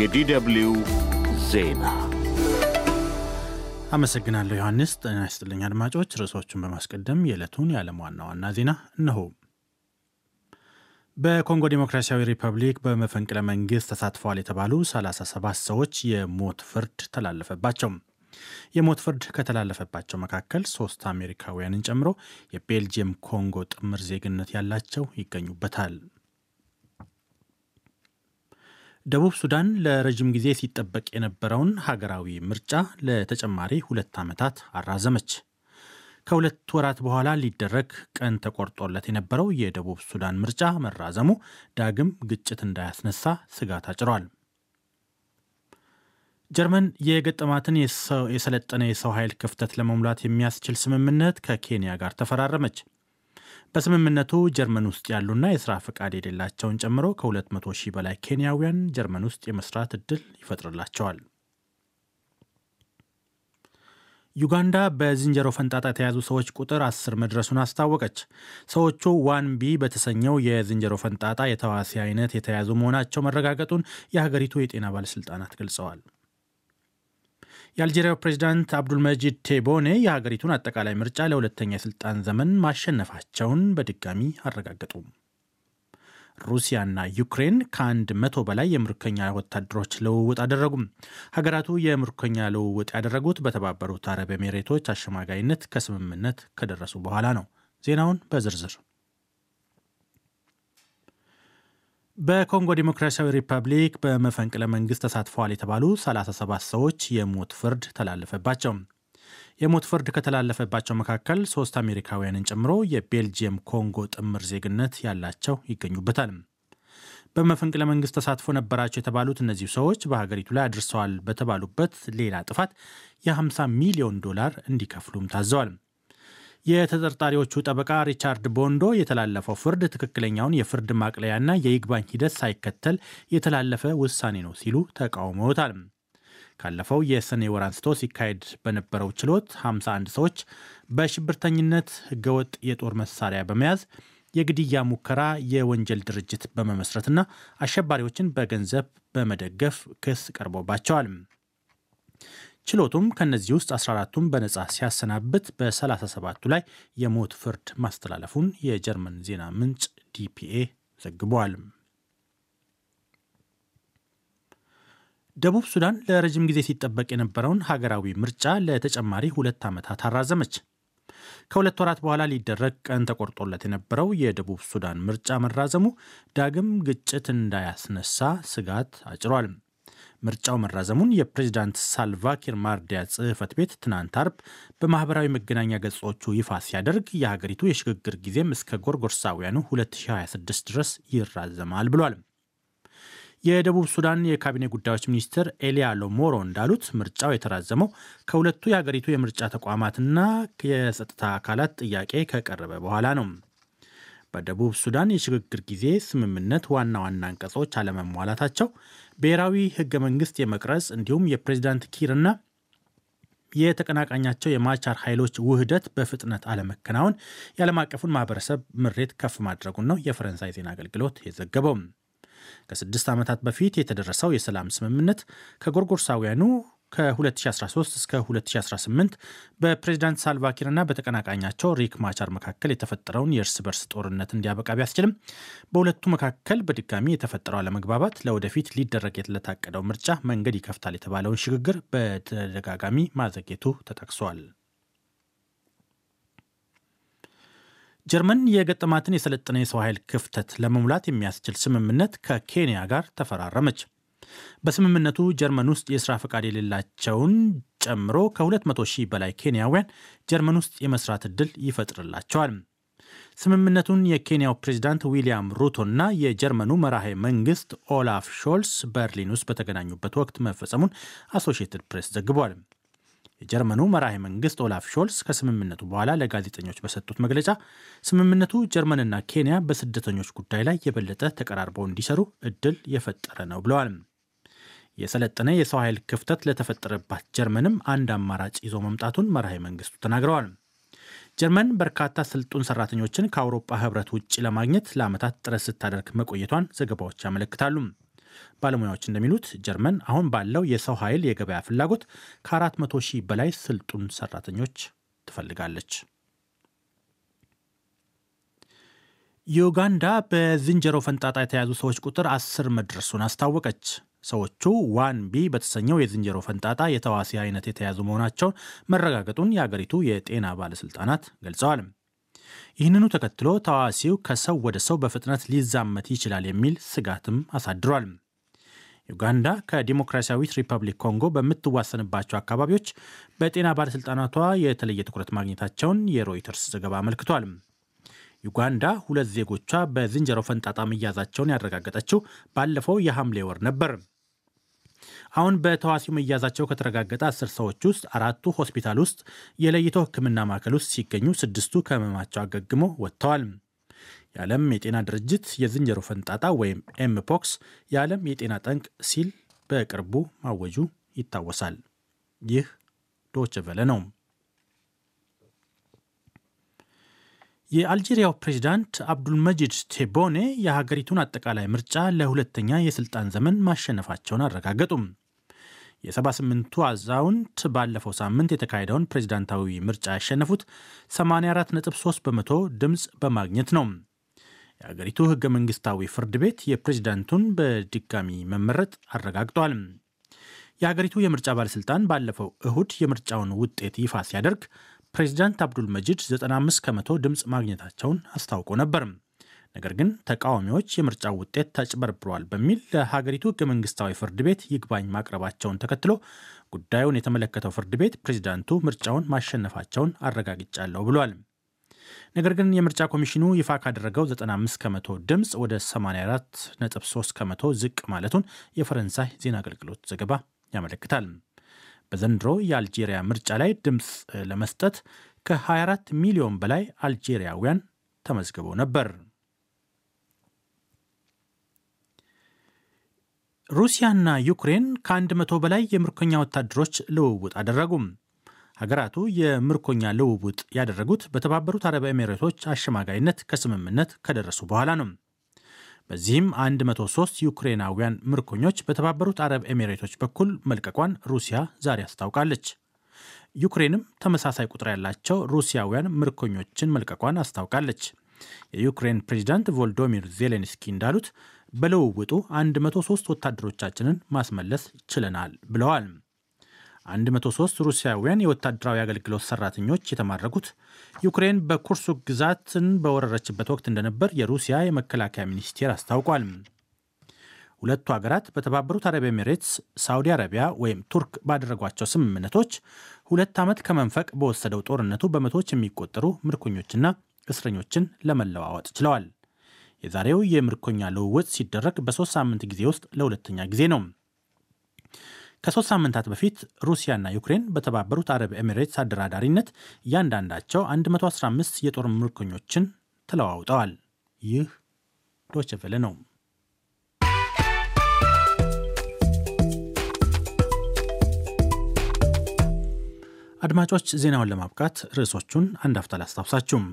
የዲደብልዩ ዜና አመሰግናለሁ ዮሐንስ። ጤና ይስጥልኝ አድማጮች። ርዕሶቹን በማስቀደም የዕለቱን የዓለም ዋና ዋና ዜና እነሆ። በኮንጎ ዴሞክራሲያዊ ሪፐብሊክ በመፈንቅለ መንግሥት ተሳትፈዋል የተባሉ 37 ሰዎች የሞት ፍርድ ተላለፈባቸው። የሞት ፍርድ ከተላለፈባቸው መካከል ሶስት አሜሪካውያንን ጨምሮ የቤልጅየም ኮንጎ ጥምር ዜግነት ያላቸው ይገኙበታል። ደቡብ ሱዳን ለረዥም ጊዜ ሲጠበቅ የነበረውን ሀገራዊ ምርጫ ለተጨማሪ ሁለት ዓመታት አራዘመች። ከሁለት ወራት በኋላ ሊደረግ ቀን ተቆርጦለት የነበረው የደቡብ ሱዳን ምርጫ መራዘሙ ዳግም ግጭት እንዳያስነሳ ስጋት አጭሯል። ጀርመን የገጠማትን የሰለጠነ የሰው ኃይል ክፍተት ለመሙላት የሚያስችል ስምምነት ከኬንያ ጋር ተፈራረመች። በስምምነቱ ጀርመን ውስጥ ያሉና የስራ ፈቃድ የሌላቸውን ጨምሮ ከ200 ሺህ በላይ ኬንያውያን ጀርመን ውስጥ የመስራት እድል ይፈጥርላቸዋል። ዩጋንዳ በዝንጀሮ ፈንጣጣ የተያዙ ሰዎች ቁጥር አስር መድረሱን አስታወቀች። ሰዎቹ ዋን ቢ በተሰኘው የዝንጀሮ ፈንጣጣ የተዋሲ አይነት የተያዙ መሆናቸው መረጋገጡን የሀገሪቱ የጤና ባለስልጣናት ገልጸዋል። የአልጄሪያው ፕሬዚዳንት አብዱልመጂድ ቴቦኔ የሀገሪቱን አጠቃላይ ምርጫ ለሁለተኛ የስልጣን ዘመን ማሸነፋቸውን በድጋሚ አረጋገጡ። ሩሲያና ዩክሬን ከአንድ መቶ በላይ የምርኮኛ ወታደሮች ልውውጥ አደረጉም። ሀገራቱ የምርኮኛ ልውውጥ ያደረጉት በተባበሩት አረብ ኤሚሬቶች አሸማጋይነት ከስምምነት ከደረሱ በኋላ ነው። ዜናውን በዝርዝር በኮንጎ ዴሞክራሲያዊ ሪፐብሊክ በመፈንቅለ መንግስት ተሳትፈዋል የተባሉ 37 ሰዎች የሞት ፍርድ ተላለፈባቸው። የሞት ፍርድ ከተላለፈባቸው መካከል ሶስት አሜሪካውያንን ጨምሮ የቤልጅየም ኮንጎ ጥምር ዜግነት ያላቸው ይገኙበታል። በመፈንቅለ መንግስት ተሳትፎ ነበራቸው የተባሉት እነዚህ ሰዎች በሀገሪቱ ላይ አድርሰዋል በተባሉበት ሌላ ጥፋት የ50 ሚሊዮን ዶላር እንዲከፍሉም ታዘዋል። የተጠርጣሪዎቹ ጠበቃ ሪቻርድ ቦንዶ የተላለፈው ፍርድ ትክክለኛውን የፍርድ ማቅለያና የይግባኝ ሂደት ሳይከተል የተላለፈ ውሳኔ ነው ሲሉ ተቃውመውታል። ካለፈው የሰኔ ወር አንስቶ ሲካሄድ በነበረው ችሎት 51 ሰዎች በሽብርተኝነት ህገወጥ የጦር መሳሪያ በመያዝ የግድያ ሙከራ የወንጀል ድርጅት በመመስረትና አሸባሪዎችን በገንዘብ በመደገፍ ክስ ቀርቦባቸዋል። ችሎቱም ከእነዚህ ውስጥ 14ቱን በነጻ ሲያሰናብት በ37ቱ ላይ የሞት ፍርድ ማስተላለፉን የጀርመን ዜና ምንጭ ዲፒኤ ዘግቧል። ደቡብ ሱዳን ለረጅም ጊዜ ሲጠበቅ የነበረውን ሀገራዊ ምርጫ ለተጨማሪ ሁለት ዓመታት አራዘመች። ከሁለት ወራት በኋላ ሊደረግ ቀን ተቆርጦለት የነበረው የደቡብ ሱዳን ምርጫ መራዘሙ ዳግም ግጭት እንዳያስነሳ ስጋት አጭሯል። ምርጫው መራዘሙን የፕሬዚዳንት ሳልቫኪር ማርዲያ ጽህፈት ቤት ትናንት አርብ በማህበራዊ መገናኛ ገጾቹ ይፋ ሲያደርግ የሀገሪቱ የሽግግር ጊዜም እስከ ጎርጎርሳውያኑ 2026 ድረስ ይራዘማል ብሏል። የደቡብ ሱዳን የካቢኔ ጉዳዮች ሚኒስትር ኤሊያ ሎሞሮ እንዳሉት ምርጫው የተራዘመው ከሁለቱ የሀገሪቱ የምርጫ ተቋማትና የጸጥታ አካላት ጥያቄ ከቀረበ በኋላ ነው። በደቡብ ሱዳን የሽግግር ጊዜ ስምምነት ዋና ዋና አንቀጾች አለመሟላታቸው ብሔራዊ ህገ መንግስት የመቅረጽ እንዲሁም የፕሬዚዳንት ኪርና የተቀናቃኛቸው የማቻር ኃይሎች ውህደት በፍጥነት አለመከናወን የዓለም አቀፉን ማህበረሰብ ምሬት ከፍ ማድረጉን ነው የፈረንሳይ ዜና አገልግሎት የዘገበው። ከስድስት ዓመታት በፊት የተደረሰው የሰላም ስምምነት ከጎርጎርሳውያኑ ከ2013 እስከ 2018 በፕሬዚዳንት ሳልቫኪርና በተቀናቃኛቸው ሪክ ማቻር መካከል የተፈጠረውን የእርስ በርስ ጦርነት እንዲያበቃ ቢያስችልም በሁለቱ መካከል በድጋሚ የተፈጠረው አለመግባባት ለወደፊት ሊደረግ ለታቀደው ምርጫ መንገድ ይከፍታል የተባለውን ሽግግር በተደጋጋሚ ማዘጌቱ ተጠቅሷል። ጀርመን የገጠማትን የሰለጠነ የሰው ኃይል ክፍተት ለመሙላት የሚያስችል ስምምነት ከኬንያ ጋር ተፈራረመች። በስምምነቱ ጀርመን ውስጥ የስራ ፈቃድ የሌላቸውን ጨምሮ ከ200 ሺህ በላይ ኬንያውያን ጀርመን ውስጥ የመስራት ዕድል ይፈጥርላቸዋል። ስምምነቱን የኬንያው ፕሬዚዳንት ዊልያም ሩቶና የጀርመኑ መራሄ መንግስት ኦላፍ ሾልስ በርሊን ውስጥ በተገናኙበት ወቅት መፈጸሙን አሶሺየትድ ፕሬስ ዘግቧል። የጀርመኑ መራሄ መንግስት ኦላፍ ሾልስ ከስምምነቱ በኋላ ለጋዜጠኞች በሰጡት መግለጫ ስምምነቱ ጀርመንና ኬንያ በስደተኞች ጉዳይ ላይ የበለጠ ተቀራርበው እንዲሰሩ እድል የፈጠረ ነው ብለዋል። የሰለጠነ የሰው ኃይል ክፍተት ለተፈጠረባት ጀርመንም አንድ አማራጭ ይዞ መምጣቱን መርሃዊ መንግስቱ ተናግረዋል። ጀርመን በርካታ ስልጡን ሰራተኞችን ከአውሮፓ ህብረት ውጭ ለማግኘት ለዓመታት ጥረት ስታደርግ መቆየቷን ዘገባዎች ያመለክታሉ። ባለሙያዎች እንደሚሉት ጀርመን አሁን ባለው የሰው ኃይል የገበያ ፍላጎት ከ400 ሺህ በላይ ስልጡን ሰራተኞች ትፈልጋለች። ዩጋንዳ በዝንጀሮ ፈንጣጣ የተያዙ ሰዎች ቁጥር አስር መድረሱን አስታወቀች። ሰዎቹ ዋን ቢ በተሰኘው የዝንጀሮ ፈንጣጣ የተዋሲ አይነት የተያዙ መሆናቸውን መረጋገጡን የአገሪቱ የጤና ባለስልጣናት ገልጸዋል። ይህንኑ ተከትሎ ተዋሲው ከሰው ወደ ሰው በፍጥነት ሊዛመት ይችላል የሚል ስጋትም አሳድሯል። ዩጋንዳ ከዲሞክራሲያዊት ሪፐብሊክ ኮንጎ በምትዋሰንባቸው አካባቢዎች በጤና ባለሥልጣናቷ የተለየ ትኩረት ማግኘታቸውን የሮይተርስ ዘገባ አመልክቷል። ዩጋንዳ ሁለት ዜጎቿ በዝንጀሮ ፈንጣጣ መያዛቸውን ያረጋገጠችው ባለፈው የሐምሌ ወር ነበር። አሁን በተዋሲው መያዛቸው ከተረጋገጠ አስር ሰዎች ውስጥ አራቱ ሆስፒታል ውስጥ የለይቶ ሕክምና ማዕከል ውስጥ ሲገኙ ስድስቱ ከህመማቸው አገግሞ ወጥተዋል። የዓለም የጤና ድርጅት የዝንጀሮ ፈንጣጣ ወይም ኤምፖክስ የዓለም የጤና ጠንቅ ሲል በቅርቡ ማወጁ ይታወሳል። ይህ ዶችቨለ ነው። የአልጄሪያው ፕሬዚዳንት አብዱልመጂድ ቴቦኔ የሀገሪቱን አጠቃላይ ምርጫ ለሁለተኛ የስልጣን ዘመን ማሸነፋቸውን አረጋገጡም። የ78ቱ አዛውንት ባለፈው ሳምንት የተካሄደውን ፕሬዚዳንታዊ ምርጫ ያሸነፉት 84.3 በመቶ ድምፅ በማግኘት ነው። የአገሪቱ ህገ መንግስታዊ ፍርድ ቤት የፕሬዚዳንቱን በድጋሚ መመረጥ አረጋግጧል። የሀገሪቱ የምርጫ ባለስልጣን ባለፈው እሁድ የምርጫውን ውጤት ይፋ ሲያደርግ ፕሬዚዳንት አብዱል መጂድ 95 ከመቶ ድምፅ ማግኘታቸውን አስታውቆ ነበር። ነገር ግን ተቃዋሚዎች የምርጫ ውጤት ተጭበርብሯል በሚል ለሀገሪቱ ህገ መንግስታዊ ፍርድ ቤት ይግባኝ ማቅረባቸውን ተከትሎ ጉዳዩን የተመለከተው ፍርድ ቤት ፕሬዚዳንቱ ምርጫውን ማሸነፋቸውን አረጋግጫለሁ ብሏል። ነገር ግን የምርጫ ኮሚሽኑ ይፋ ካደረገው 95 ከመቶ ድምፅ ወደ 84.3 ከመቶ ዝቅ ማለቱን የፈረንሳይ ዜና አገልግሎት ዘገባ ያመለክታል። በዘንድሮ የአልጄሪያ ምርጫ ላይ ድምፅ ለመስጠት ከ24 ሚሊዮን በላይ አልጄሪያውያን ተመዝግበው ነበር። ሩሲያና ዩክሬን ከ100 በላይ የምርኮኛ ወታደሮች ልውውጥ አደረጉም። ሀገራቱ የምርኮኛ ልውውጥ ያደረጉት በተባበሩት አረብ ኤሚሬቶች አሸማጋይነት ከስምምነት ከደረሱ በኋላ ነው። በዚህም 103 ዩክሬናውያን ምርኮኞች በተባበሩት አረብ ኤሚሬቶች በኩል መልቀቋን ሩሲያ ዛሬ አስታውቃለች። ዩክሬንም ተመሳሳይ ቁጥር ያላቸው ሩሲያውያን ምርኮኞችን መልቀቋን አስታውቃለች። የዩክሬን ፕሬዚዳንት ቮልዶሚር ዜሌንስኪ እንዳሉት በልውውጡ 103 ወታደሮቻችንን ማስመለስ ችለናል ብለዋል። 103 ሩሲያውያን የወታደራዊ አገልግሎት ሰራተኞች የተማረኩት ዩክሬን በኩርሱ ግዛትን በወረረችበት ወቅት እንደነበር የሩሲያ የመከላከያ ሚኒስቴር አስታውቋል። ሁለቱ ሀገራት በተባበሩት አረብ ኤሚሬትስ፣ ሳውዲ አረቢያ ወይም ቱርክ ባደረጓቸው ስምምነቶች ሁለት ዓመት ከመንፈቅ በወሰደው ጦርነቱ በመቶዎች የሚቆጠሩ ምርኮኞችና እስረኞችን ለመለዋወጥ ችለዋል። የዛሬው የምርኮኛ ልውውጥ ሲደረግ በሦስት ሳምንት ጊዜ ውስጥ ለሁለተኛ ጊዜ ነው። ከሶስት ሳምንታት በፊት ሩሲያና ዩክሬን በተባበሩት አረብ ኤሚሬትስ አደራዳሪነት እያንዳንዳቸው 115 የጦር ምርኮኞችን ተለዋውጠዋል። ይህ ዶይቼ ቬለ ነው። አድማጮች፣ ዜናውን ለማብቃት ርዕሶቹን አንድ አፍታ ላስታውሳችሁም።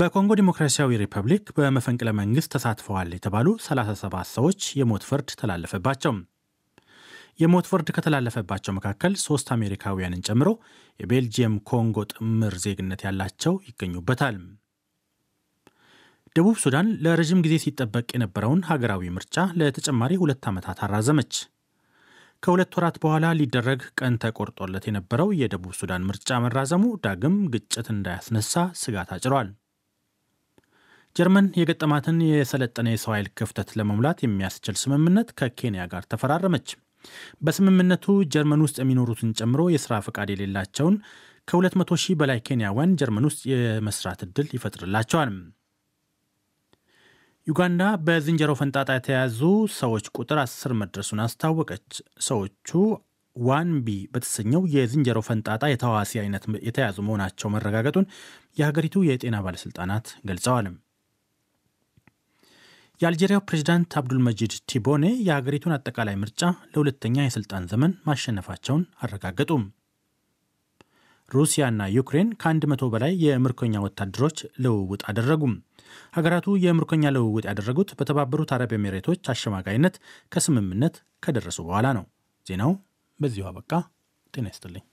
በኮንጎ ዲሞክራሲያዊ ሪፐብሊክ በመፈንቅለ መንግሥት ተሳትፈዋል የተባሉ 37 ሰዎች የሞት ፍርድ ተላለፈባቸው። የሞት ፍርድ ከተላለፈባቸው መካከል ሶስት አሜሪካውያንን ጨምሮ የቤልጅየም ኮንጎ ጥምር ዜግነት ያላቸው ይገኙበታል። ደቡብ ሱዳን ለረዥም ጊዜ ሲጠበቅ የነበረውን ሀገራዊ ምርጫ ለተጨማሪ ሁለት ዓመታት አራዘመች። ከሁለት ወራት በኋላ ሊደረግ ቀን ተቆርጦለት የነበረው የደቡብ ሱዳን ምርጫ መራዘሙ ዳግም ግጭት እንዳያስነሳ ስጋት አጭሯል። ጀርመን የገጠማትን የሰለጠነ የሰው ኃይል ክፍተት ለመሙላት የሚያስችል ስምምነት ከኬንያ ጋር ተፈራረመች። በስምምነቱ ጀርመን ውስጥ የሚኖሩትን ጨምሮ የስራ ፈቃድ የሌላቸውን ከ200 ሺህ በላይ ኬንያውያን ጀርመን ውስጥ የመስራት ዕድል ይፈጥርላቸዋል። ዩጋንዳ በዝንጀሮ ፈንጣጣ የተያዙ ሰዎች ቁጥር 10 መድረሱን አስታወቀች። ሰዎቹ ዋንቢ በተሰኘው የዝንጀሮ ፈንጣጣ የተዋሲ አይነት የተያዙ መሆናቸው መረጋገጡን የሀገሪቱ የጤና ባለሥልጣናት ገልጸዋል። የአልጄሪያው ፕሬዚዳንት አብዱልመጂድ ቲቦኔ የሀገሪቱን አጠቃላይ ምርጫ ለሁለተኛ የሥልጣን ዘመን ማሸነፋቸውን አረጋገጡም። ሩሲያና ዩክሬን ከአንድ መቶ በላይ የምርኮኛ ወታደሮች ልውውጥ አደረጉም። ሀገራቱ የምርኮኛ ልውውጥ ያደረጉት በተባበሩት አረብ ኤሚሬቶች አሸማጋይነት ከስምምነት ከደረሱ በኋላ ነው። ዜናው በዚሁ አበቃ። ጤና ይስጥልኝ።